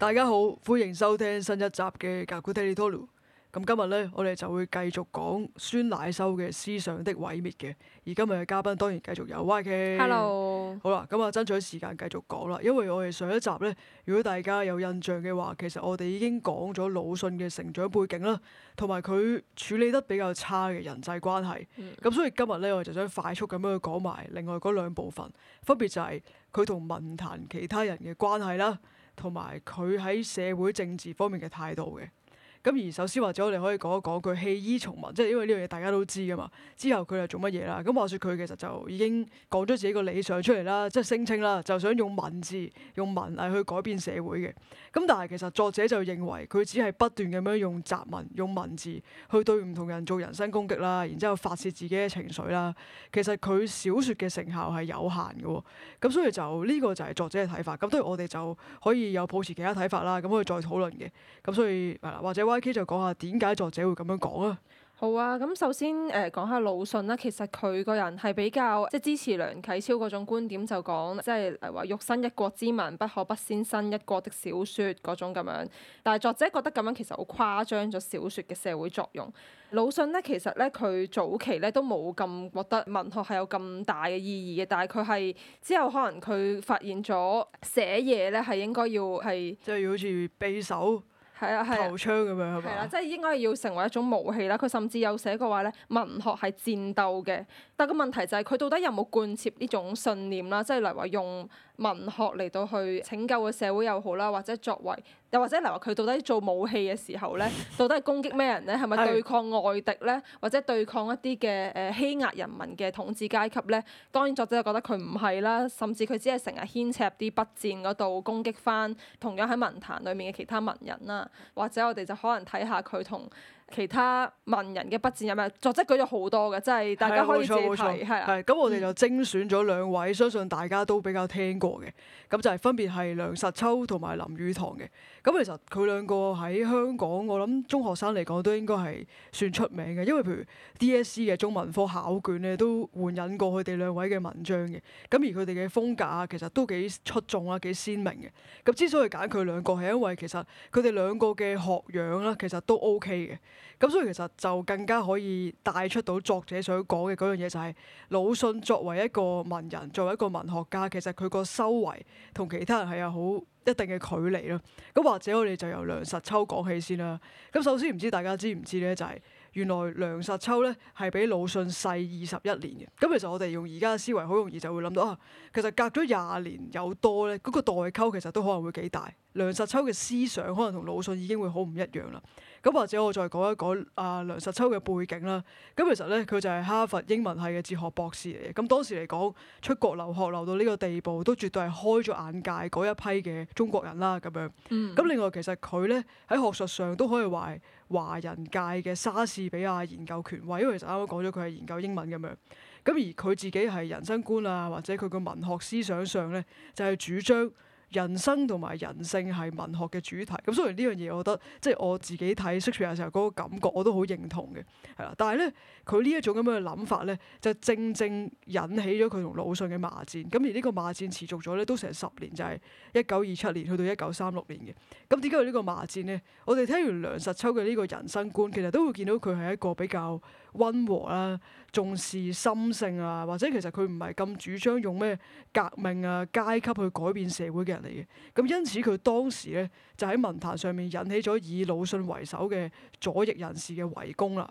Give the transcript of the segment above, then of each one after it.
大家好，歡迎收聽新一集嘅《Gaguetito》。咁今日呢，我哋就會繼續講孫乃修嘅思想的毀滅嘅。而今日嘅嘉賓當然繼續有 YK。Hello。好啦，咁啊，爭取時間繼續講啦。因為我哋上一集呢，如果大家有印象嘅話，其實我哋已經講咗魯迅嘅成長背景啦，同埋佢處理得比較差嘅人際關係。咁、mm. 所以今日呢，我就想快速咁樣去講埋另外嗰兩部分，分別就係佢同文壇其他人嘅關係啦。同埋佢喺社會政治方面嘅態度嘅。咁而首先或者我哋可以講一講佢棄醫從文，即係因為呢樣嘢大家都知噶嘛。之後佢就做乜嘢啦？咁話說佢其實就已經講咗自己個理想出嚟啦，即係聲稱啦，就想用文字、用文嚟去改變社會嘅。咁但係其實作者就認為佢只係不斷咁樣用雜文、用文字去對唔同人做人身攻擊啦，然之後發泄自己嘅情緒啦。其實佢小說嘅成效係有限嘅。咁所以就呢個就係作者嘅睇法。咁當然我哋就可以有抱持其他睇法啦。咁可以再討論嘅。咁所以係啦，或者。YK 就講下點解作者會咁樣講啊？好啊，咁首先誒、呃、講下魯迅啦。其實佢個人係比較即係支持梁啟超嗰種觀點，就講即係話欲新一國之民，不可不先新一國的小說嗰種咁樣。但係作者覺得咁樣其實好誇張咗小説嘅社會作用。魯迅咧，其實咧佢早期咧都冇咁覺得文學係有咁大嘅意義嘅。但係佢係之後可能佢發現咗寫嘢咧係應該要係即係要好似匕首。係啊，係、啊。係啦、啊，即係應該要成為一種武器啦。佢甚至有寫過話咧，文學係戰鬥嘅。但個問題就係佢到底有冇貫徹呢種信念啦？即係例如話用，文學嚟到去拯救個社會又好啦，或者作為又或者嚟話佢到底做武器嘅時候咧，到底係攻擊咩人咧？係咪對抗外敵咧？或者對抗一啲嘅誒欺壓人民嘅統治階級咧？當然作者就覺得佢唔係啦，甚至佢只係成日牽扯入啲筆戰嗰度攻擊翻，同樣喺文壇裡面嘅其他文人啦，或者我哋就可能睇下佢同。其他文人嘅筆戰有咩，作者舉咗好多嘅，即係大家可以自己睇。係，咁我哋就精選咗兩位，相信大家都比較聽過嘅。咁就係分別係梁實秋同埋林語堂嘅。咁其實佢兩個喺香港，我諗中學生嚟講都應該係算出名嘅，因為譬如 DSE 嘅中文科考卷咧都援引過佢哋兩位嘅文章嘅。咁而佢哋嘅風格啊，其實都幾出眾啦，幾鮮明嘅。咁之所以揀佢兩個，係因為其實佢哋兩個嘅學養啦，其實都 OK 嘅。咁所以其實就更加可以帶出到作者想講嘅嗰樣嘢，就係，就係魯迅作為一個文人，作為一個文學家，其實佢個修為同其他人係有好一定嘅距離咯。咁或者我哋就由梁實秋講起先啦。咁首先唔知大家知唔知呢，就係、係。原來梁實秋咧係比魯迅細二十一年嘅，咁其實我哋用而家嘅思維，好容易就會諗到啊，其實隔咗廿年有多咧，嗰個代溝其實都可能會幾大。梁實秋嘅思想可能同魯迅已經會好唔一樣啦。咁或者我再講一講啊，梁實秋嘅背景啦。咁其實咧，佢就係哈佛英文系嘅哲學博士嚟嘅。咁當時嚟講，出國留學留到呢個地步，都絕對係開咗眼界嗰一批嘅中國人啦。咁樣。嗯。咁另外，其實佢咧喺學術上都可以話，華人界嘅莎士比亞研究權威，因為其實啱啱講咗佢係研究英文咁樣，咁而佢自己係人生觀啊，或者佢個文學思想上咧，就係主張。人生同埋人性係文學嘅主題，咁雖然呢樣嘢，我覺得即係、就是、我自己睇《Sixty 書廚》嘅時候，嗰個感覺我都好認同嘅，係啦。但係咧，佢呢一種咁嘅諗法咧，就正正引起咗佢同魯迅嘅罵戰。咁而呢個罵戰持續咗咧，都成十年，就係一九二七年去到一九三六年嘅。咁點解佢呢個罵戰咧？我哋聽完梁實秋嘅呢個人生觀，其實都會見到佢係一個比較。溫和啦、啊，重視心性啊，或者其實佢唔係咁主張用咩革命啊階級去改變社會嘅人嚟嘅。咁因此佢當時咧就喺文壇上面引起咗以魯迅為首嘅左翼人士嘅圍攻啦。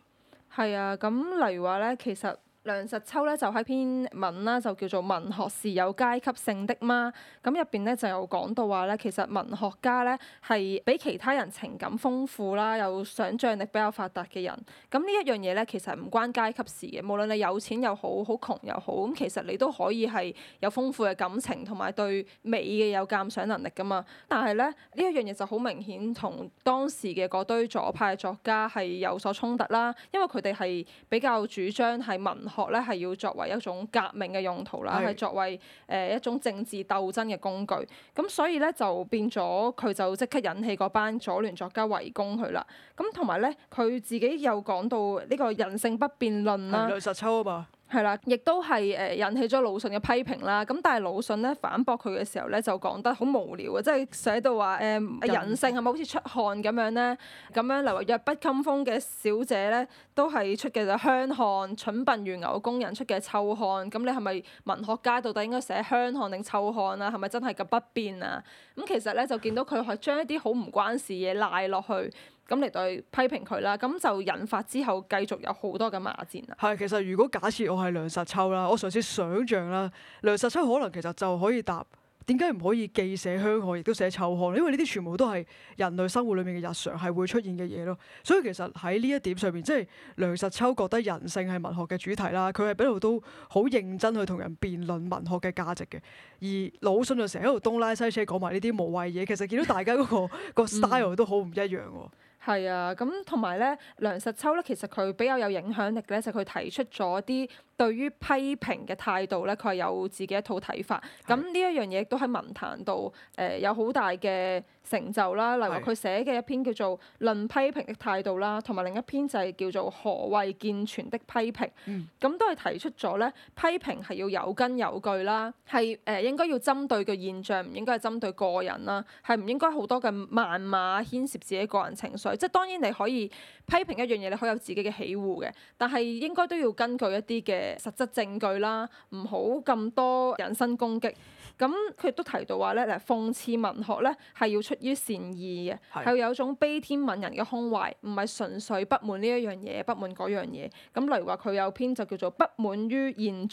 係啊，咁例如話咧，其實。梁實秋咧就喺篇文啦，就叫做《文學是有階級性的嗎》。咁入邊咧就有講到話咧，其實文學家咧係比其他人情感豐富啦，有想象力比較發達嘅人。咁呢一樣嘢咧，其實唔關階級事嘅。無論你有錢又好，好窮又好，咁其實你都可以係有豐富嘅感情同埋對美嘅有鑑賞能力噶嘛。但係咧，呢一樣嘢就好明顯同當時嘅嗰堆左派作家係有所衝突啦。因為佢哋係比較主張係文。學咧係要作為一種革命嘅用途啦，係是作為誒一種政治鬥爭嘅工具。咁所以咧就變咗佢就即刻引起嗰班左聯作家圍攻佢啦。咁同埋咧佢自己又講到呢個人性不變論啦。係梁實秋啊嘛。係啦，亦都係誒引起咗魯迅嘅批評啦。咁但係魯迅咧反駁佢嘅時候咧，就講得好無聊啊，即係寫到話誒、呃、人性係咪好似出汗咁樣咧？咁樣例如弱不禁風嘅小姐咧，都係出嘅就香汗；蠢笨如牛工人出嘅臭汗。咁你係咪文學家到底應該寫香汗定臭汗啊？係咪真係咁不變啊？咁其實咧就見到佢係將一啲好唔關事嘢賴落去。咁嚟對批評佢啦，咁就引發之後繼續有好多嘅罵戰啦。係，其實如果假設我係梁實秋啦，我嘗試想像啦，梁實秋可能其實就可以答點解唔可以既寫香汗，亦都寫臭汗，因為呢啲全部都係人類生活裏面嘅日常係會出現嘅嘢咯。所以其實喺呢一點上面，即係梁實秋覺得人性係文學嘅主題啦，佢係喺度都好認真去同人辯論文學嘅價值嘅。而魯迅就成日喺度東拉西扯講埋呢啲無謂嘢，其實見到大家嗰、那個 個 style 都好唔一樣喎。係啊，咁同埋咧，梁實秋咧，其實佢比較有影響力嘅咧，就佢、是、提出咗啲。對於批評嘅態度咧，佢係有自己一套睇法。咁呢一樣嘢都喺文壇度誒、呃、有好大嘅成就啦。例如佢寫嘅一篇叫做《論批評嘅態度》啦，同埋另一篇就係叫做《何謂健全的批評》。咁、嗯、都係提出咗咧，批評係要有根有據啦，係誒應該要針對嘅現象，唔應該係針對個人啦，係唔應該好多嘅謾罵牽涉自己個人情緒。即係當然你可以。批評一樣嘢，你可以有自己嘅喜惡嘅，但係應該都要根據一啲嘅實質證據啦，唔好咁多人身攻擊。咁佢亦都提到話咧，嗱，諷刺文學咧係要出於善意嘅，係要有種悲天憫人嘅胸懷，唔係純粹不滿呢一樣嘢，不滿嗰樣嘢。咁例如話佢有篇就叫做《不滿於現狀》。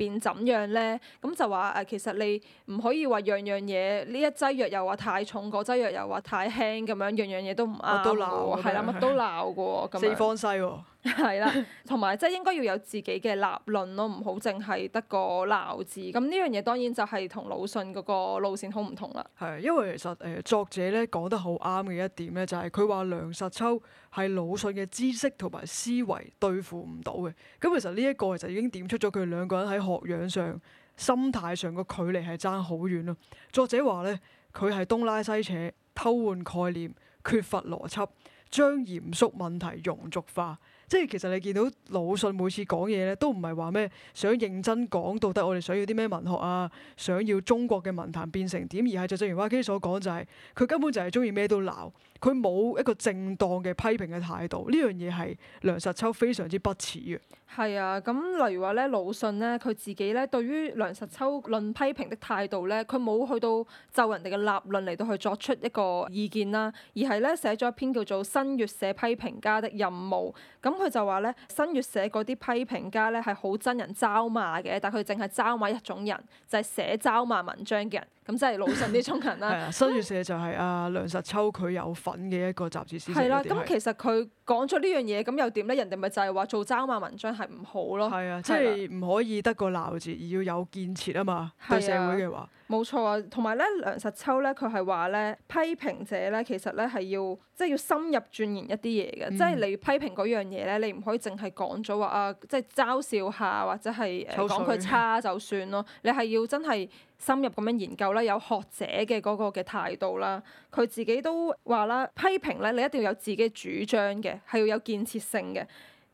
變怎樣咧？咁就話誒，其實你唔可以話樣樣嘢，呢一劑藥又話太重，嗰劑藥又話太輕，咁樣樣樣嘢都唔啱喎。係啦，乜的的都鬧喎，咁四方西喎，哦。係啦，同埋即係應該要有自己嘅立論咯，唔好淨係得個鬧字。咁呢樣嘢當然就係同魯迅嗰個路線好唔同啦。係，因為其實誒、呃、作者咧講得好啱嘅一點咧，就係佢話梁實秋係魯迅嘅知識同埋思維對付唔到嘅。咁其實呢一個就已經點出咗佢哋兩個人喺學養上、心態上個距離係爭好遠咯。作者話咧，佢係東拉西扯、偷換概念、缺乏邏輯、將嚴肅問題庸俗化。即係其實你見到魯迅每次講嘢咧，都唔係話咩想認真講到底我哋想要啲咩文學啊，想要中國嘅文壇變成點，而係就正如 YK 所講，就係佢根本就係中意咩都鬧。佢冇一個正當嘅批評嘅態度，呢樣嘢係梁實秋非常之不恥嘅。係啊，咁例如話咧，魯迅咧，佢自己咧對於梁實秋論批評的態度咧，佢冇去到就人哋嘅立論嚟到去作出一個意見啦，而係咧寫咗一篇叫做《新月社批評家的任務》。咁佢就話咧，新月社嗰啲批評家咧係好憎人嘲罵嘅，但佢淨係嘲罵一種人，就係、是、寫嘲罵文章嘅人。咁即係老實啲種人啦、 啊。新月社就係阿梁實秋佢有份嘅一個雜誌社。係啦，咁其實佢講咗呢樣嘢，咁又點咧？人哋咪就係話做嘲罵文章係唔好咯。係啊，即係唔可以得個鬧字，而要有建設啊嘛， 啊對社會嘅話。冇錯啊，同埋咧梁實秋咧，佢係話咧批評者咧，其實咧係要即係要深入鑽研一啲嘢嘅，嗯、即係你批評嗰樣嘢咧，你唔可以淨係講咗話啊，即係嘲笑下或者係呃，講佢差就算咯。你係要真係深入咁樣研究咧，有學者嘅嗰個嘅態度啦。佢自己都話啦，批評咧你一定要有自己嘅主張嘅，係要有建設性嘅。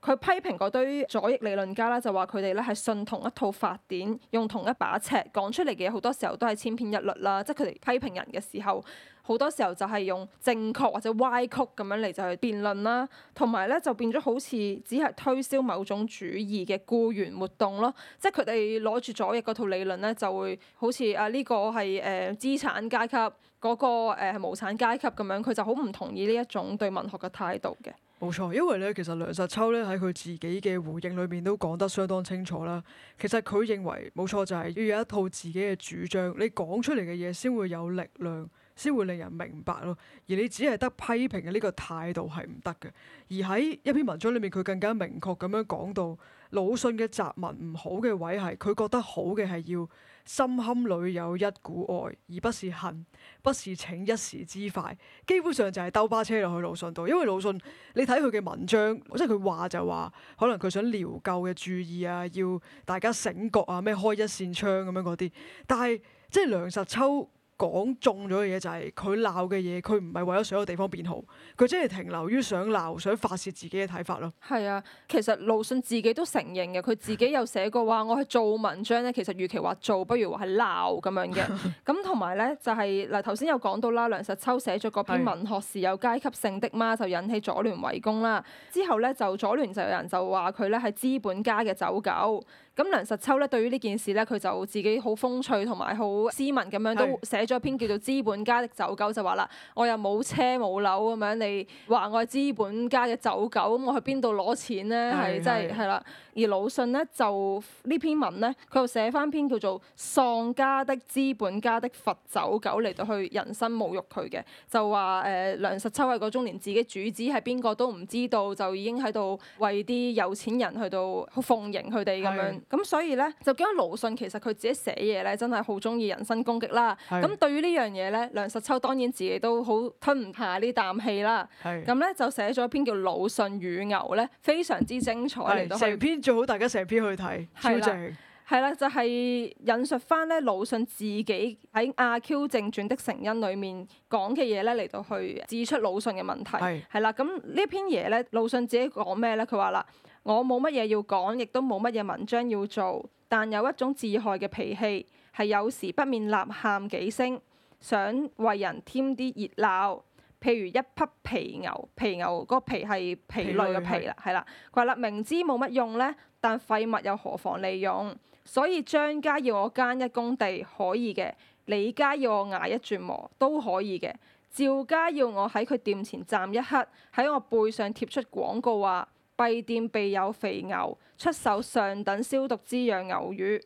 佢批評嗰堆左翼理論家啦，就話佢哋咧係信同一套法典，用同一把尺講出嚟嘅好多時候都係千篇一律啦。即係佢哋批評人嘅時候，好多時候就係用正確或者歪曲咁樣嚟就去辯論啦，同埋咧就變咗好似只係推銷某種主義嘅僱員活動咯。即係佢哋攞住左翼嗰套理論咧，就會好似啊呢個係誒資產階級嗰個誒無產階級咁樣，佢就好唔同意呢一種對文學嘅態度嘅。冇錯，因為咧，其實梁實秋咧喺佢自己嘅回應裏面都講得相當清楚啦。其實佢認為冇錯，就係要有一套自己嘅主張，你講出嚟嘅嘢先會有力量，先會令人明白咯。而你只係得批評嘅呢個態度係唔得嘅。而喺一篇文章裏面，佢更加明確咁樣講到魯迅嘅雜文唔好嘅位係，佢覺得好嘅係要。心坎裏有一股愛，而不是恨，不是逞一時之快。基本上就係兜巴車落去魯迅度，因為魯迅你睇佢嘅文章，即係佢話就話，可能佢想療救嘅注意啊，要大家醒覺啊，咩開一扇窗咁樣嗰啲。但係即係梁實秋。講中咗嘅嘢就係佢鬧嘅嘢，佢唔係為咗所有地方變好，佢真係停留於想鬧、想發泄自己嘅睇法咯。係啊，其實魯迅自己都承認嘅，佢自己有寫過話：我去做文章咧，其實預期與話做，不如話係鬧咁樣嘅。咁同埋咧就係嗱頭先有講到啦，梁實秋寫咗嗰篇文學是有階級性的嗎？就引起左聯圍攻啦。之後咧就左聯就有人就話佢咧係資本家嘅走狗。咁梁實秋咧對於呢件事咧，佢就自己好風趣同埋好斯文咁樣都寫。再一篇叫做《資本家的走狗》就話啦，我又冇車冇樓咁樣，你話我係資本家嘅走狗，咁我去邊度攞錢咧？係的真係係啦。而魯迅咧就呢篇文咧，佢又寫返篇叫做《喪家的資本家的乏走狗》嚟到去人身侮辱佢嘅，就話誒、呃、梁實秋啊個中，連自己主子係邊個都唔知道，就已經喺度為啲有錢人去到奉迎佢哋咁樣。咁的所以咧就見到魯迅其實佢自己寫嘢咧真係好中意人身攻擊啦。咁的對於呢樣嘢咧，梁實秋當然自己都好吞唔下呢啖氣啦。咁咧的就寫咗篇叫《魯迅與牛》咧，非常之精彩嚟到最好大家成篇去睇，超正。係啦，就係引述翻咧魯迅自己喺《阿 Q 正傳》的成因裏面講嘅嘢咧，嚟到去指出魯迅嘅問題，係啦。咁呢篇嘢咧，魯迅自己講咩咧？佢話啦：我冇乜嘢要講，亦都冇乜嘢文章要做，但有一種自害嘅脾氣，係有時不免吶喊幾聲，想為人添啲熱鬧。譬如一匹皮牛，皮牛嗰皮係皮類嘅皮啦，係啦。佢話啦，明知冇乜用咧，但廢物又何妨利用？所以張家要我耕一工地，可以嘅；李家要我捱一轉磨，都可以嘅；趙家要我喺佢店前站一刻，喺我背上貼出廣告話，話敝店備有肥牛，出售上等消毒滋養牛乳。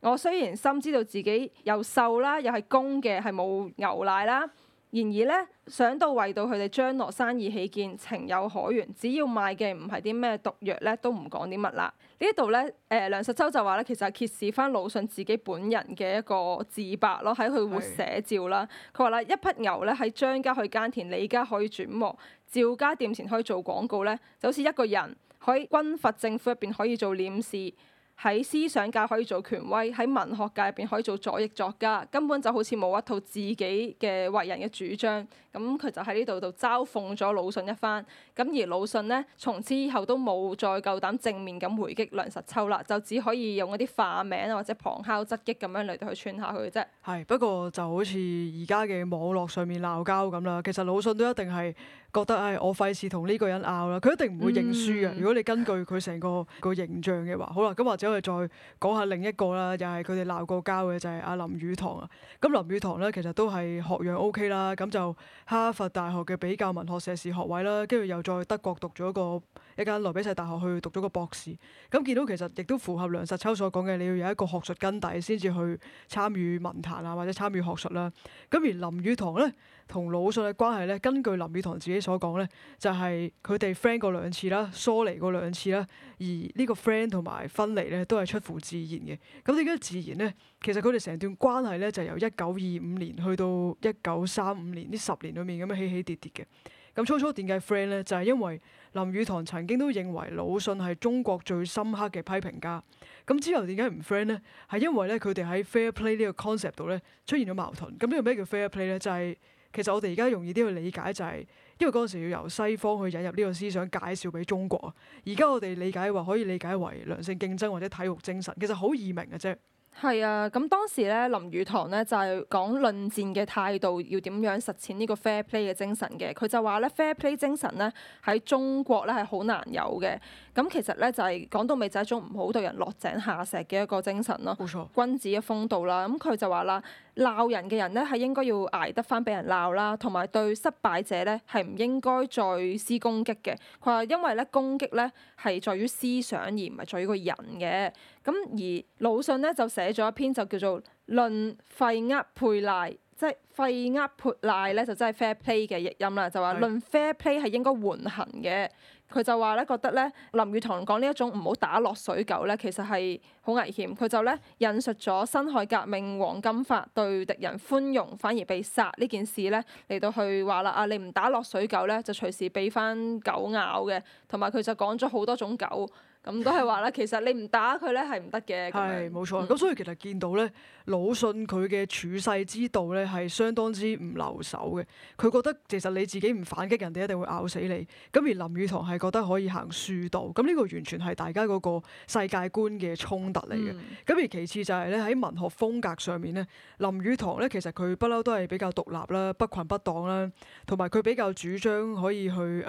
我雖然深知道自己又瘦啦，又係公嘅，係冇牛奶啦。然而咧，想到為到佢哋將來生意起見，情有可原。只要賣嘅唔係啲咩毒藥咧，都唔講啲乜啦。呢度咧，誒、呃、梁實秋就話咧，其實係揭示翻魯迅自己本人嘅一個自白咯，喺佢活寫照啦。佢話啦，一匹牛咧喺張家去耕田，李家可以轉磨，趙家店前可以做廣告咧，就好似一個人可以軍閥政府入邊可以做僉事，喺思想界可以做權威，喺文學界入邊可以做左翼作家，根本就好似冇一套自己嘅為人嘅主張。咁佢就喺呢度度嘲諷咗魯迅一番。咁而魯迅呢，從此以後都冇再夠膽正面咁回擊梁實秋啦，就只可以用一啲化名或者旁敲側擊咁樣嚟到去串下佢啫。係不過就好似而家嘅網絡上面鬧交咁啦，其實魯迅都一定係。覺得係、哎、我費事同呢個人拗啦，佢一定唔會認輸嘅。如果你根據佢成個個形象嘅話，好啦，咁或者我哋再講下另一個啦，又係佢哋鬧過交嘅，就係、是、阿林雨堂啊。咁林語堂咧，其實都係學養 O K 啦，咁就哈佛大學嘅比較文學碩士學位啦，跟住又再德國讀咗個一間萊比錫大學去讀咗個博士。咁見到其實亦都符合梁實秋所講嘅，你要有一個學術根底先至去參與文壇啊，或者參與學術啦。咁而林語堂咧。同魯迅嘅關係咧，根據林語堂自己所講咧，就係佢哋 friend 過兩次啦，疏離過兩次啦。而呢個 friend 同埋分離咧，都係出乎自然嘅。咁點解自然咧？其實佢哋成段關係咧，就由一九二五年去到一九三五年呢十年裏面咁樣起起跌跌嘅。咁初初點解 friend 咧？就係因為林語堂曾經都認為魯迅係中國最深刻嘅批評家。咁之後點解唔 friend 咧？係因為咧，佢哋喺 fair play 呢個 concept 度咧出現咗矛盾。咁呢個咩叫 fair play 咧？就係其實我哋而家容易啲去理解就係，因為嗰陣時要由西方去引入呢個思想，介紹俾中國。而家我哋理解話可以理解為良性競爭或者體育精神，其實好易明嘅啫。係啊，咁當時咧，林語堂咧就係講論戰嘅態度要點樣實踐呢個 fair play 嘅精神嘅。佢就話咧，fair play 精神咧喺中國咧係好難有嘅。咁其實咧就係講到尾就係一種唔好對人落井下石嘅一個精神咯。冇錯，君子嘅風度啦。咁佢就話啦，鬧人嘅人咧係應該要捱得翻俾人鬧啦，同埋對失敗者咧係唔應該再施攻擊嘅。佢話因為咧攻擊咧係在於思想而唔係在於個人嘅。咁而魯迅咧就寫咗一篇就叫做《論費厄潑賴》，即係費厄潑賴咧就真係 fair play 嘅譯音啦。就話論 fair play 係應該緩行嘅。佢就話咧覺得咧林語堂講呢一種唔好打落水狗咧，其實係好危險。佢就咧引述咗辛亥革命黃金法對敵人寬容反而被殺呢件事咧，嚟到去話啦啊，你唔打落水狗咧，就隨時畀返狗咬嘅。同埋佢就講咗好多種狗。咁都係話啦，其實你唔打佢咧，係唔得嘅。係冇錯。咁、嗯、所以其實見到咧，魯迅佢嘅處世之道咧係相當之唔留手嘅。佢覺得其實你自己唔反擊人哋，一定會咬死你。咁而林語堂係覺得可以行恕道。咁呢個完全係大家嗰個世界觀嘅衝突嚟嘅。咁、嗯、而其次就係咧喺文學風格上面咧，林語堂咧其實佢不嬲都係比較獨立啦，不群不黨啦，同埋佢比較主張可以去誒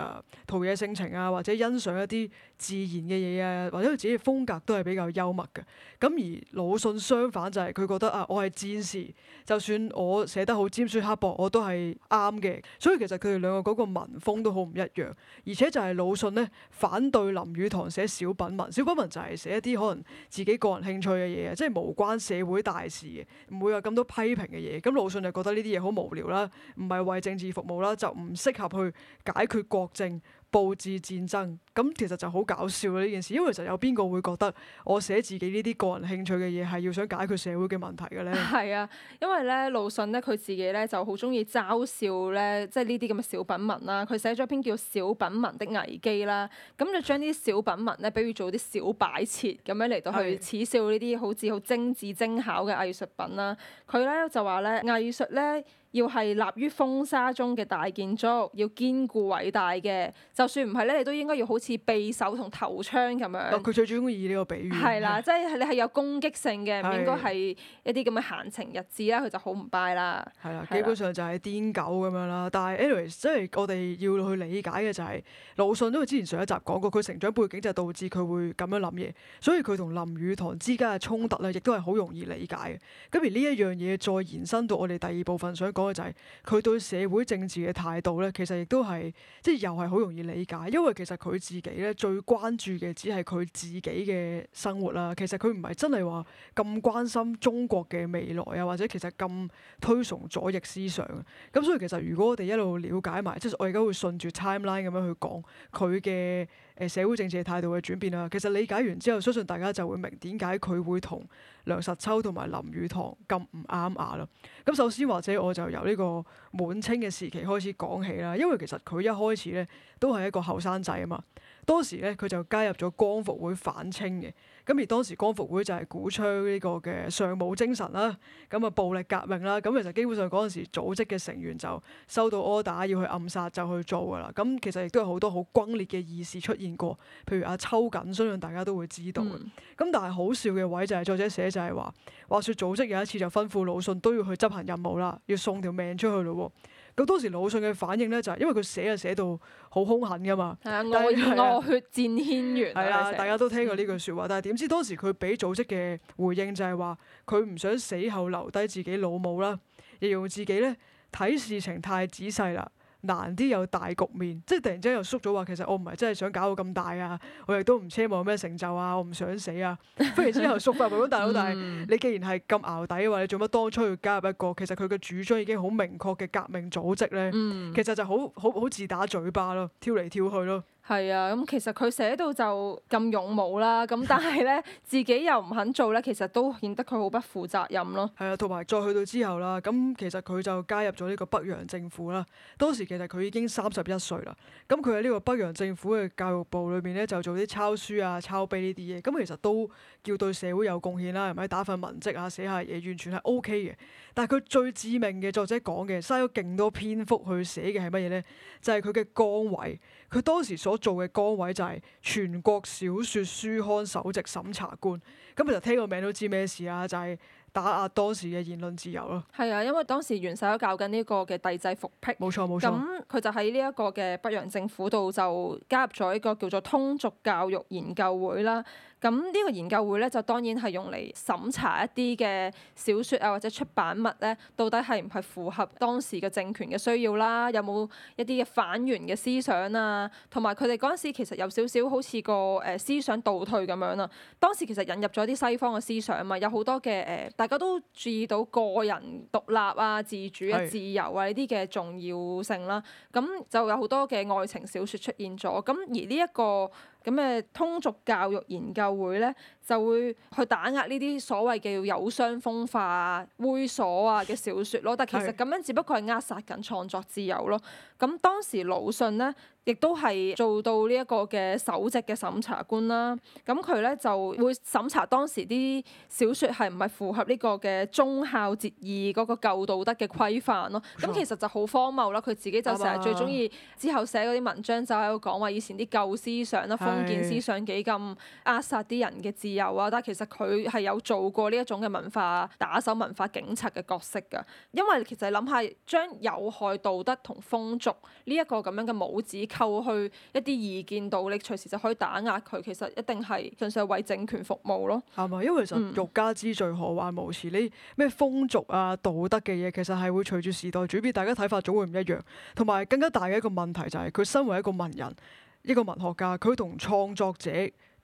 陶冶性情啊，或者欣賞一啲，自然嘅嘢啊，或者佢自己嘅風格都係比較幽默嘅。咁而魯迅相反就係，佢覺得啊，我係戰士，就算我寫得好尖酸刻薄，我都係啱嘅。所以其實佢哋兩個嗰個文風都好唔一樣，而且就係魯迅咧反對林語堂寫小品文。小品文就係寫一啲可能自己個人興趣嘅嘢，即係無關社會大事嘅，唔會有咁多批評嘅嘢。咁魯迅就覺得呢啲嘢好無聊啦，唔係為政治服務啦，就唔適合去解決國政布置戰爭，咁其實就好搞笑啦呢件事，因為其實有邊個會覺得我寫自己呢啲個人興趣嘅嘢係要想解決社會嘅問題嘅咧？係啊，因為咧魯迅咧佢自己咧就好中意嘲笑咧即係呢啲咁嘅小品文啦，佢寫咗一篇叫《小品文的危機》啦，咁就將啲小品文咧，比如做啲小擺設咁樣嚟到去恥笑呢啲好似好精緻精巧嘅藝術品啦，佢咧就話咧藝術咧。要係立於風沙中嘅大建築，要堅固偉大嘅。就算唔係咧，你都應該要好似匕首同頭槍咁樣。佢最中意呢個比喻。係啦的， 即係你係有攻擊性嘅，唔應該係一啲咁嘅閒情逸致啦，佢就好唔拜啦。係啦的，的基本上就係癲狗咁樣啦。但係，anyways，即係我哋要去理解嘅就係魯迅都佢之前上一集講過，佢成長背景就導致佢會咁樣諗嘢，所以佢同林語堂之間嘅衝突咧，亦都係好容易理解嘅。咁而呢一樣嘢再延伸到我哋第二部分想講。就係佢對社會政治嘅態度咧，其實亦都係即係又係好容易理解，因為其實佢自己咧，最關注嘅只係佢自己嘅生活啦。其實佢唔係真係話咁關心中國嘅未來啊，或者其實咁推崇左翼思想。咁所以其實如果我哋一路了解埋，即係我而家會順住 timeline 咁樣去講佢嘅。誒社會政治嘅態度嘅轉變啦，其實理解完之後，相信大家就會明點解佢會同梁實秋同埋林語堂咁唔啱牙啦。咁首先或者我就由呢個滿清嘅時期開始講起啦，因為其實佢一開始咧都係一個後生仔啊嘛，當時咧佢就加入咗光復會反清嘅。咁而當時光復會就係鼓吹呢個嘅尚武精神啦，咁啊暴力革命啦，咁其實基本上嗰陣時組織嘅成員就收到 order 要去暗殺就去做㗎啦。咁其實亦都有好多好轟烈嘅義士出現過，譬如阿秋瑾相信大家都會知道嘅。咁、嗯、但係好笑嘅位就係作者寫就係話，話説組織有一次就吩咐魯迅都要去執行任務啦，要送條命出去咯喎。咁當時魯迅嘅反應咧，就係因為佢寫，寫啊寫到好兇狠噶嘛，我以我血戰軒轅。係啊，啊大家都聽過呢句説話，但係點知當時佢俾組織嘅回應就係話，佢唔想死後留低自己老母啦，形容自己咧睇事情太仔細啦。難啲有大局面，即係突然之間又縮咗話，其實我唔係真係想搞到咁大啊！我亦都唔奢望有咩成就啊！我唔想死啊！忽 然之間又縮翻，唔好， 大佬但係，你既然係咁淆底嘅話，你做乜當初要加入一個其實佢嘅主張已經好明確嘅革命組織咧？ 其實就好好好自打嘴巴咯，跳嚟跳去咯。係啊，咁其實佢寫到就咁勇武啦，咁但係咧自己又唔肯做咧，其實都顯得佢好不負責任咯。係啊，同埋再去到之後啦，咁其實佢就加入咗呢個北洋政府啦。當時其實佢已經三十一歲啦。咁佢喺呢個北洋政府嘅教育部裏邊咧，就做啲抄書啊、抄碑呢啲嘢。咁其實都叫對社會有貢獻啦，係咪打份文職啊、寫下嘢完全係 OK 嘅。但係佢最致命嘅作者講嘅，嘥咗勁多篇幅去寫嘅係乜嘢咧？就係佢嘅崗位。佢當時所做嘅崗位就係全國小説書刊首席審查官，咁其實聽個名都知咩事啊，就係打壓當時嘅言論自由咯。係啊，因為當時元首搞緊呢個嘅帝制復辟，冇錯冇錯。咁佢就喺呢一個嘅北洋政府度就加入咗一個叫做通俗教育研究會啦。咁呢個研究會咧，就當然係用嚟審查一啲嘅小説啊，或者出版物咧，到底係唔係符合當時嘅政權嘅需要啦、啊？有冇一啲嘅反原嘅思想啊？同埋佢哋嗰陣時其實有少少好似個誒思想倒退咁樣啦。當時其實引入咗啲西方嘅思想啊嘛，有好多嘅誒，大家都注意到個人獨立啊、自主啊、自由啊呢啲嘅重要性啦、啊。咁就有好多嘅愛情小説出現咗。咁而呢、這、一個咁誒通俗教育研究會咧，就會去打壓呢啲所謂嘅有傷風化啊、猥瑣啊嘅小説咯。但其實咁樣只不過係扼殺緊創作自由咯。咁當時魯迅咧。亦都係做到呢一個嘅首席嘅審查官啦。咁佢咧就會審查當時啲小説係唔係符合呢個嘅忠孝節義嗰個舊道德嘅規範咯。咁其實就好荒謬啦。佢自己就成日最中意之後寫嗰啲文章，就喺度講話以前啲舊思想啦、封建思想幾咁扼殺啲人嘅自由啊。但係其實佢係有做過呢一種嘅文化打手、文化警察嘅角色㗎。因為其實諗下將有害道德同風俗呢一個咁樣嘅帽子。扣去一啲意見度，你隨時就可以打壓佢，其實一定係純粹為政權服務咯。係咪？因為其實欲加之罪，何患無辭？你咩風俗啊、道德嘅嘢，其實係會隨住時代轉變，大家睇法總會唔一樣，同埋更加大嘅一個問題就係、是、佢身為一個文人，一個文學家，佢同創作者。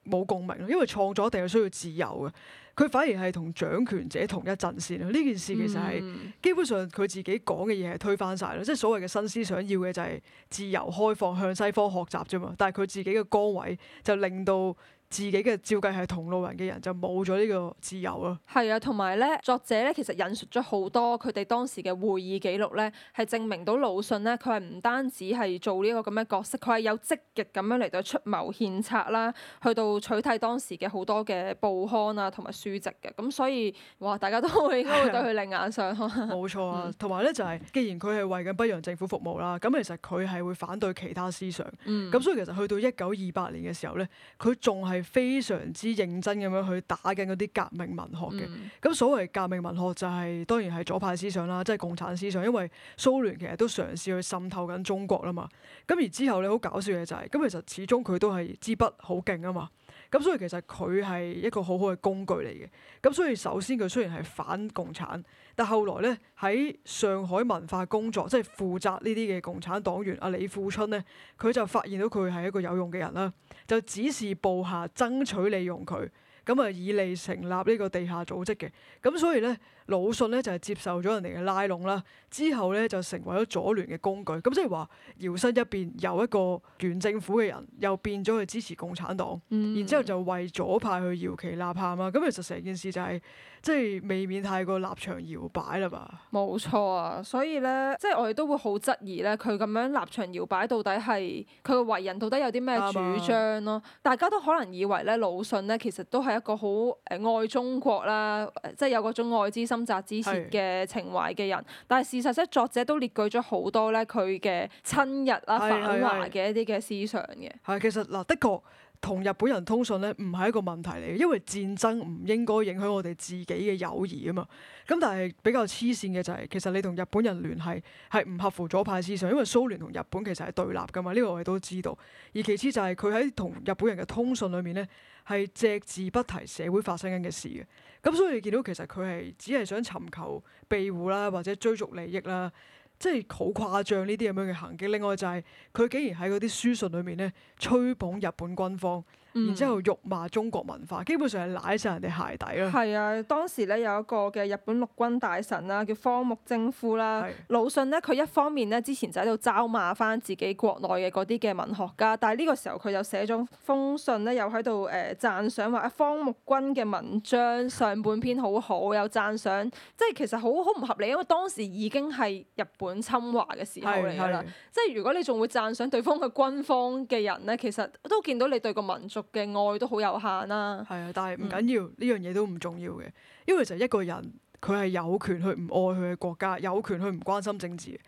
冇共鳴，因為創作一定係需要自由嘅，佢反而係同掌權者同一陣線。呢件事其實係基本上佢自己講嘅嘢係推翻晒咯，即係所謂嘅新思想要嘅就係自由開放、向西方學習啫嘛。但係佢自己嘅崗位就令到自己嘅照計係同路人嘅人就冇咗呢個自由啊。係啊，同埋咧，作者咧其實引述咗好多佢哋當時嘅會議記錄咧，係證明到魯迅咧，佢係唔單止係做呢個咁嘅角色，佢係有積極咁樣嚟到出謀獻策啦，去到取締當時嘅好多嘅報刊啊同埋書籍嘅。咁所以哇，大家都會應該會對佢另眼相看。冇錯啊，同埋咧就係、是，既然佢係為緊北洋政府服務啦，咁其實佢係會反對其他思想。嗯。咁所以其實去到一九二八年嘅時候咧，佢仲係，非常之認真咁樣去打緊嗰啲革命文學嘅，咁所謂革命文學就係當然係左派思想啦，即係共產思想，因為蘇聯其實都嘗試去滲透緊中國啦嘛，咁而之後咧好搞笑嘅就係，咁其實始終佢都係支筆好勁啊嘛。咁所以其實佢係一個好好嘅工具嚟嘅。咁所以首先佢雖然係反共產，但係後來咧喺上海文化工作，即係負責呢啲嘅共產黨員阿李富春咧，佢就發現到佢係一個有用嘅人啦，就指示部下爭取利用佢，咁啊以利成立呢個地下組織嘅。咁所以咧。魯迅咧就係、是、接受咗人哋嘅拉攏啦，之後咧就成為咗左聯嘅工具，咁即係話搖身一變又一個原政府嘅人，又變咗去支持共產黨，嗯、然之後就為左派去搖旗吶喊啦。咁其實成件事就係、是、即係未免太過立場搖擺啦嘛。冇錯啊，所以咧即係我哋都會好質疑咧，佢咁樣立場搖擺到底係佢嘅為人到底有啲咩主張咯？嗯、大家都可能以為咧魯迅咧其實都係一個好誒愛中國啦，誒即係有嗰種愛之心。深之前嘅情懷嘅人，的但係事實咧，作者都列舉咗好多咧佢嘅親日啦、反華嘅一啲嘅思想嘅。係，其實嗱，的確。同日本人通訊咧唔係一個問題嚟嘅，因為戰爭唔應該影響我哋自己嘅友誼啊嘛。咁但係比較黐線嘅就係，其實你同日本人聯繫，係唔合乎左派思想，因為蘇聯同日本其實係對立噶嘛，呢個我哋都知道。而其次就係，佢喺同日本人嘅通訊裏面咧，係隻字不提社會發生緊嘅事嘅。咁所以你見到其實佢係只係想尋求庇護啦，或者追逐利益啦。即係好誇張，呢啲咁樣嘅行徑，另外就係佢竟然喺嗰啲書信裏面呢，吹捧日本軍方。然之後辱罵中國文化，基本上係舐晒人哋鞋底咯。係啊，當時咧有一個嘅日本陸軍大臣啦，叫方木貞夫啦。魯迅咧，佢一方面咧之前就喺度嘲罵返自己國內嘅嗰啲嘅文學家，但係呢個時候佢又寫咗封信咧，又喺度誒讚賞話方木君嘅文章上半篇好好，又讚賞，即係其實好好唔合理，因為當時已經係日本侵華嘅時候嚟啦。係係。即係如果你仲會讚賞對方嘅軍方嘅人咧，其實都見到你對個民族嘅愛都好有限啦，係啊，但係唔緊要，呢樣嘢都唔重要嘅，因為就係一個人佢係有權去唔愛佢嘅國家，有權去唔關心政治。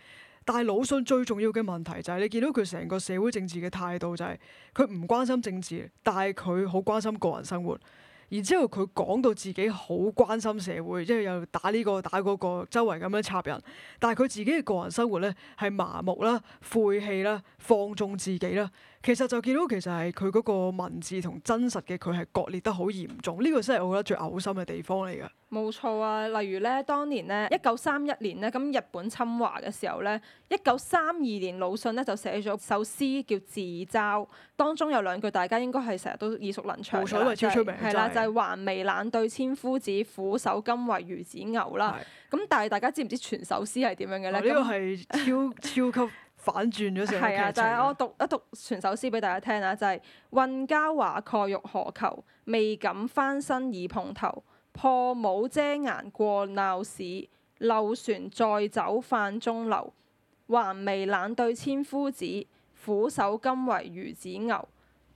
但係魯迅最重要嘅問題就係你見到佢成個社會政治嘅態度就係佢唔關心政治，但係佢好關心個人生活。然之後佢講到自己好關心社會，即係又打呢個打嗰個周圍咁樣插人。但係佢自己嘅個人生活呢，係麻木啦、晦氣啦、放縱自己啦。其實就見到其實係佢嗰個文字同真實嘅佢係割裂得好嚴重，呢、這個真係我覺得最嘔心嘅地方嚟噶。冇錯啊，例如咧，當年咧，一九三一年咧，咁日本侵華嘅時候咧，呢一九三二年魯迅咧就寫咗首詩叫《自嘲》，當中有兩句大家應該係成日都耳熟能詳嘅，係啦，就係橫眉冷對千夫指，俯首甘為孺子牛啦。咁是但係大家知唔知全首詩係點樣嘅咧？呢個係超超級。反轉咗成係啊，就係、是、我讀一、嗯、讀、讀全首詩俾大家聽啊，就係運交華蓋欲何求？未敢翻身已碰頭。破帽遮顏過鬧市，漏船載酒泛中流。橫眉冷對千夫指，俯首甘為孺子牛。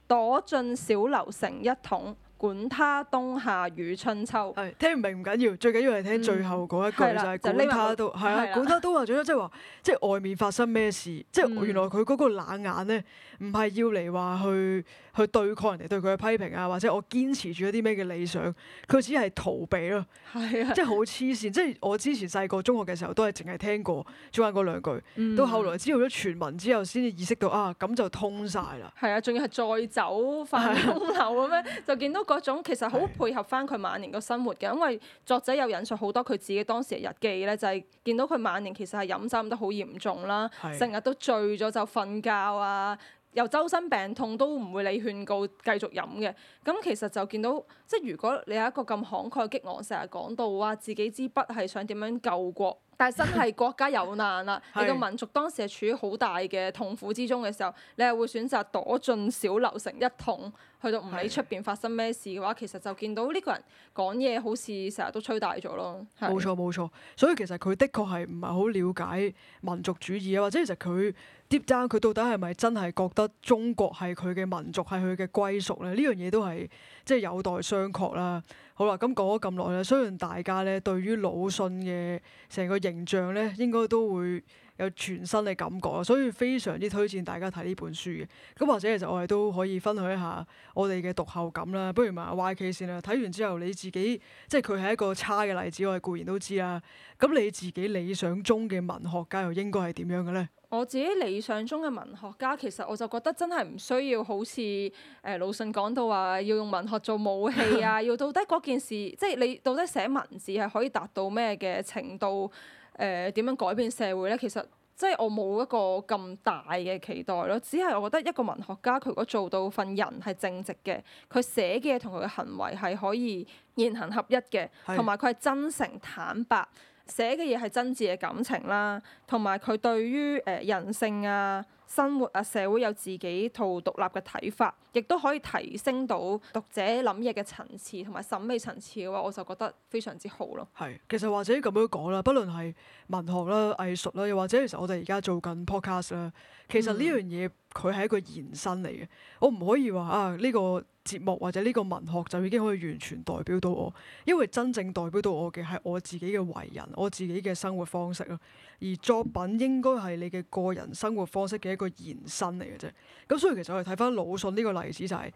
躲進小樓成一統，管他冬夏與春秋，係聽唔明唔緊要，最緊要係聽最後嗰一句就係管他都係啊！管他都話咗，即係話，即係外面發生咩事，即係原來佢嗰個冷眼咧，唔係要嚟話去去對抗人哋對佢嘅批評啊，或者我堅持住一啲咩嘅理想，佢只係逃避咯，係啊，即係好黐線，即係我之前細個中學嘅時候都係淨係聽過中間嗰兩句，到後來知道咗全文之後先至意識到啊，咁就通晒啦，係啊，仲要係再走快風流咁樣就見到嗰種其實好配合翻佢晚年嘅生活嘅，因為作者又引述好多佢自己當時嘅日記咧，就係、是、見到佢晚年其實係飲酒飲得好嚴重啦，成日是的 都醉咗就瞓覺啊，又周身病痛都唔會理勸告繼續飲嘅。咁其實就見到即係如果你有一個咁慷慨激昂，成日講到話自己支筆係想點樣救國。但係真係國家有難啦、啊， 你個民族當時係處於好大嘅痛苦之中嘅時候，你係會選擇躲進小樓成一統，去到唔理出邊發生咩事嘅話， 其實就見到呢個人講嘢好似成日都吹大咗咯。冇錯冇是錯，所以其實佢的確係唔係好了解民族主義啊，或者其實佢 Deep Down 佢到底係咪真係覺得中國係佢嘅民族係佢嘅歸屬咧？呢樣嘢都係。即係有待商榷啦。好啦，咁講咗咁耐咧，雖然大家咧對於魯迅嘅成個形象咧，應該都會有全新嘅感覺，所以非常之推薦大家睇呢本書嘅。咁或者其實我哋都可以分享一下我哋嘅讀後感啦。不如問下 YK 先啦，睇完之後你自己即係佢係一個差嘅例子，我哋固然都知啦。咁你自己理想中嘅文學家又應該係點樣嘅咧？我自己理想中嘅文學家，其實我就覺得真係唔需要好似誒魯迅講到話要用文學做武器啊，要到底嗰件事，即係你到底寫文字係可以達到咩嘅程度？誒、呃、點樣改變社會咧？其實即係、就是、我冇一個咁大嘅期待咯，只係我覺得一個文學家佢如果做到份人係正直嘅，佢寫嘅同佢嘅行為係可以言行合一嘅，同埋佢係真誠坦白。寫嘅嘢係真摯嘅感情啦，同埋佢對於誒人性啊、生活啊、社會有自己套獨立嘅睇法，亦都可以提升到讀者諗嘢嘅層次同埋審美層次嘅話，我就覺得非常之好咯。係，其實或者咁樣講啦，不論係文學啦、藝術啦，又或者其實我哋而家做緊 podcast 啦，其實呢樣嘢。佢係一個延伸嚟嘅，我唔可以話啊呢個節目或者呢個文學就已經可以完全代表到我，因為真正代表到我嘅係我自己嘅為人，我自己嘅生活方式咯。而作品應該係你嘅個人生活方式嘅一個延伸嚟嘅啫。咁所以其實我哋睇翻魯迅呢個例子就係，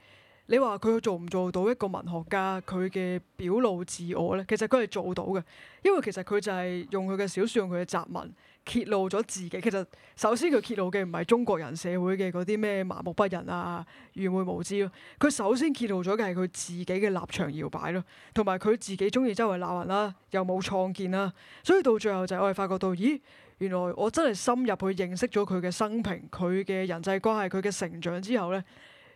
你話佢做唔做到一個文學家佢嘅表露自我呢？其實佢係做到嘅，因為其實佢就係用佢嘅小説，用佢嘅雜文。揭露咗自己，其實首先佢揭露嘅唔係中國人社會嘅嗰啲咩麻木不仁啊愚昧無知咯，佢首先揭露咗嘅係佢自己嘅立場搖擺咯，同埋佢自己中意周圍鬧人啦，又冇創建啦，所以到最後就係我哋發覺到，咦，原來我真係深入去認識咗佢嘅生平、佢嘅人際關係、佢嘅成長之後咧。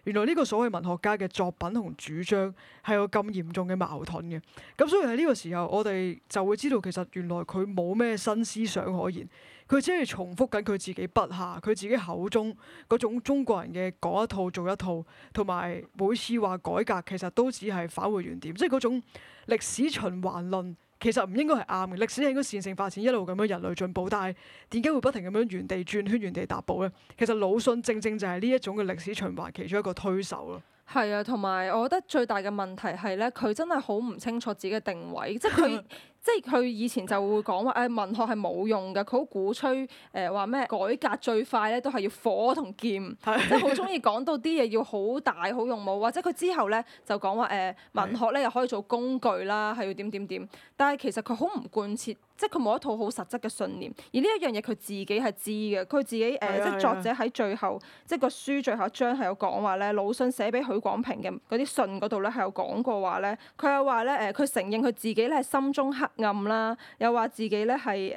原來呢個所謂文學家嘅作品同主張係有咁嚴重嘅矛盾嘅，咁所以喺呢個時候我哋就會知道其實原來佢冇咩新思想可言，佢只係重複緊佢自己筆下、佢自己口中嗰種中國人嘅講一套做一套，同埋每次話改革其實都只係返回原點，即係嗰種歷史循環論。其實唔應該係啱嘅，歷史係應該線性發展，一路咁樣人類進步。但係點解會不停咁樣原地轉圈、原地踏步咧？其實魯迅正正正就係呢一種嘅歷史循環其中一個推手咯。係啊，同埋我覺得最大嘅問題係咧，佢真係好唔清楚自己嘅定位，即係佢。 即係佢以前就會講話誒文學係冇用㗎，佢好鼓吹誒話咩改革最快咧都係要火同劍， 即係好中意講到啲嘢要好大好勇武，或者佢之後咧就講話誒文學咧又可以做工具啦，係要點點點，但係其實佢好唔貫徹。即係佢冇一套好實質嘅信念，而呢一樣嘢佢自己係知嘅。佢自己誒對呀、呃、即係作者喺最後即係個書最後一章係有講話咧。魯迅寫俾許廣平嘅嗰啲信嗰度咧係有講過話咧，佢又話咧誒佢承認佢自己咧係心中黑暗啦，又話自己咧係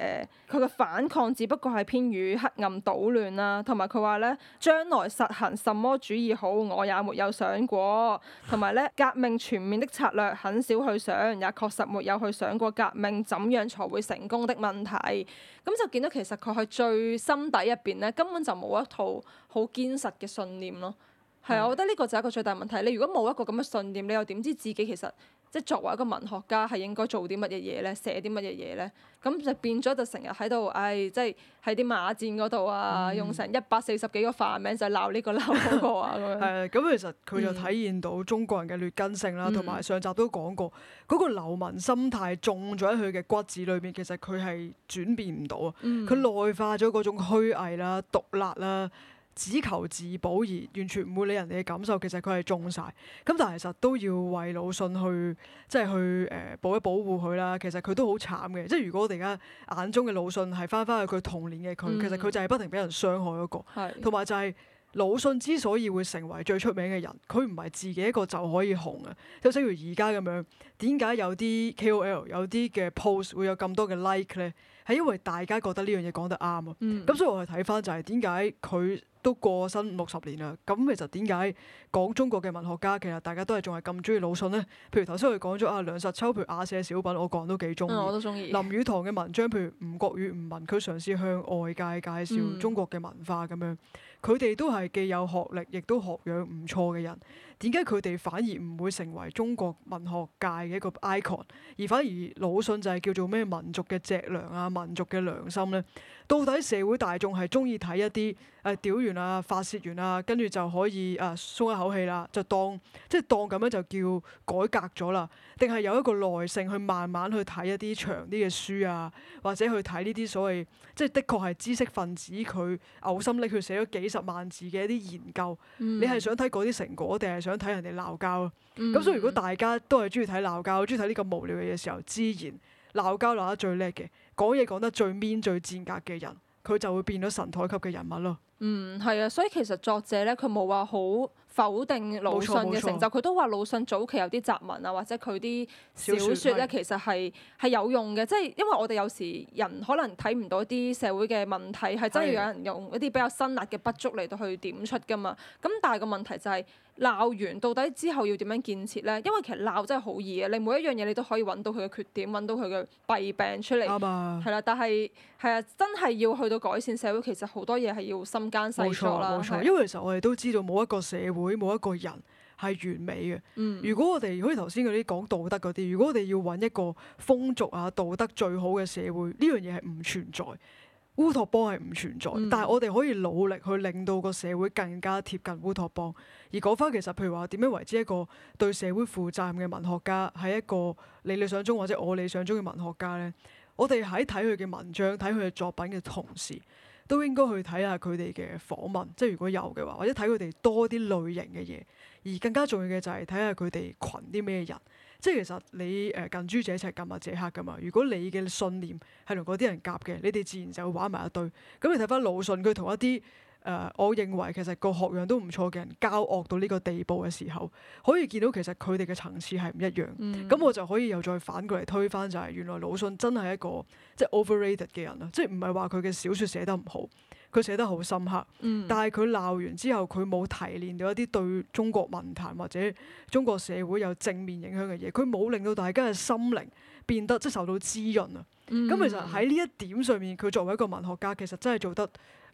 誒佢嘅反抗只不過係偏於黑暗搗亂啦，同埋佢話咧將來實行什麼主義好，我也沒有想過，同埋咧革命全面的策略很少去想，也確實沒有去想過革命怎樣才會成功的問題，咁就見到其實佢喺最心底入邊咧，根本就冇一套好堅實嘅信念咯。係啊， 我覺得呢個就係一個最大問題。你如果冇一個咁嘅信念，你又點知自己其實？即係作為一個文學家係應該做啲乜嘢嘢咧，寫啲乜嘢嘢咧？咁就變咗就成日喺度，唉、哎，即係喺啲罵戰嗰度啊，嗯、用成一百四十幾個化名就鬧呢個鬧嗰、嗰個啊咁樣。誒、係啊，咁 其實佢就體現到中國人嘅劣根性啦，同埋、嗯、上集都講過嗰、嗰個流民心態，種咗喺佢嘅骨子裏面，其實佢係轉變唔到啊，佢、嗯、內化咗嗰種虛偽啦、獨立啦。只求自保而完全唔會理人哋嘅感受，其實佢係中晒，咁但係其實都要為魯迅去即係去誒保一保護佢啦。其實佢都好慘嘅。即係如果我哋而家眼中嘅魯迅係翻返去佢童年嘅佢，嗯、其實佢就係不停俾人傷害嗰、那個。同埋是就係魯迅之所以會成為最出名嘅人，佢唔係自己一個就可以紅啊。就正如而家咁樣，點解有啲 KOL 有啲嘅 post 會有咁多嘅 like 咧？係因為大家覺得呢樣嘢講得啱啊！咁所以我哋睇翻就係點解佢都過身六十年啦？咁其實點解講中國嘅文學家，其實大家都係仲係咁中意魯迅呢？譬如頭先佢講咗啊，梁實秋、譬如雅舍小品，我個人都幾中意。嗯、我都中意林語堂嘅文章，譬如吾國與吾民，佢嘗試向外界介紹中國嘅文化咁、嗯、樣。佢哋都係既有學歷，亦都學養唔錯嘅人，點解佢哋反而唔會成為中國文學界嘅一個 icon，而反而魯迅就係叫做咩民族嘅脊梁啊，民族嘅良心呢？到底社會大眾係中意睇一啲誒屌完啊發泄完啊，跟住就可以誒、呃、鬆一口氣啦，就當即係當咁樣就叫改革咗啦？定係有一個耐性去慢慢去睇一啲長啲嘅書啊，或者去睇呢啲所謂即係的確係知識分子佢嘔心瀝血佢寫咗幾十萬字嘅一啲研究，嗯、你係想睇嗰啲成果，定係想睇人哋鬧交？咁、嗯、所以如果大家都係中意睇鬧交，中意睇呢個無聊嘅嘢時候，自然，鬧交鬧得最叻嘅，講嘢講得最 mean 最賤格嘅人，佢就會變咗神台級嘅人物咯。嗯，係啊，所以其實作者咧，佢冇話好。否定魯迅嘅成就，佢錯都話魯迅早期有啲雜文啊，或者佢啲小說咧，說其實係係是有用嘅。即係因為我哋有時人可能睇唔到啲社會嘅問題，係真係有人用一啲比較辛辣嘅筆觸嚟到去點出噶嘛。咁但係個問題就係、是、鬧完到底之後要點樣建設咧？因為其實鬧真係好易啊，你每一樣嘢你都可以揾到佢嘅缺點，揾到佢嘅弊病出嚟，係啦吧。但係，係啊，真係要去到改善社會，其實好多嘢係要心間細咗啦。因為其實我哋都知道，冇一個社會。會冇一個人係完美嘅。如果我哋好似頭先嗰啲講道德嗰啲，如果我哋要揾一個風俗啊道德最好嘅社會，呢樣嘢係唔存在，烏托邦係唔存在。嗯、但係我哋可以努力去令到個社會更加貼近烏托邦。而講翻其實，譬如話點樣為之一個對社會負責任嘅文學家，係一個你理、理想中或者我理想中嘅文學家呢？我哋喺睇佢嘅文章、睇佢嘅作品嘅同時，都應該去睇下佢哋嘅訪問，即係如果有嘅話，或者睇佢哋多啲類型嘅嘢，而更加重要嘅就係睇下佢哋群啲咩人。即係其實你誒近朱者赤近墨者黑㗎嘛。如果你嘅信念係同嗰啲人夾嘅，你哋自然就會玩埋一堆。咁你睇翻魯迅，佢同一啲。誒，uh, 我認為其實個學養都唔錯嘅人，交惡到呢個地步嘅時候，可以見到其實佢哋嘅層次係唔一樣。咁、mm hmm. 我就可以又再反過嚟推翻，就係原來魯迅真係一個即係、就是、overrated 嘅人啦。即係唔係話佢嘅小説寫得唔好，佢寫得好深刻。Mm hmm. 但係佢鬧完之後，佢冇提煉到一啲對中國文壇或者中國社會有正面影響嘅嘢，佢冇令到大家嘅心靈變得即係、就是、受到滋潤啊。咁、mm hmm. 其實喺呢一點上面，佢作為一個文學家，其實真係做得，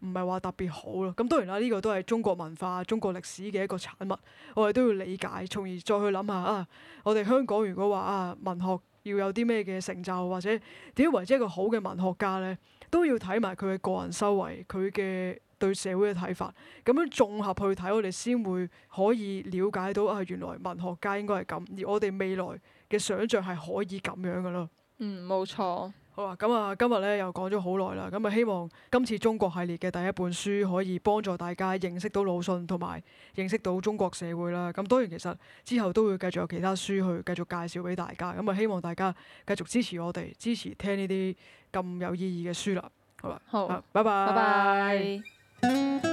唔係話特別好咯，咁當然啦，呢個都係中國文化、中國歷史嘅一個產物，我哋都要理解，從而再去諗下啊，我哋香港如果話啊文學要有啲咩嘅成就，或者點為之一個好嘅文學家咧，都要睇埋佢嘅個人修為，佢嘅對社會嘅睇法，咁樣綜合去睇，我哋先會可以了解到啊，原來文學家應該係咁，而我哋未來嘅想像係可以咁樣噶咯。嗯，冇錯。好啊，咁啊，今日咧又講咗好耐啦，咁啊希望今次中國系列嘅第一本書可以幫助大家認識到魯迅同埋認識到中國社會啦。咁當然其實之後都會繼續有其他書去繼續介紹俾大家，咁啊希望大家繼續支持我哋，支持聽呢啲咁有意義嘅書啦。好啊，好，拜拜。拜拜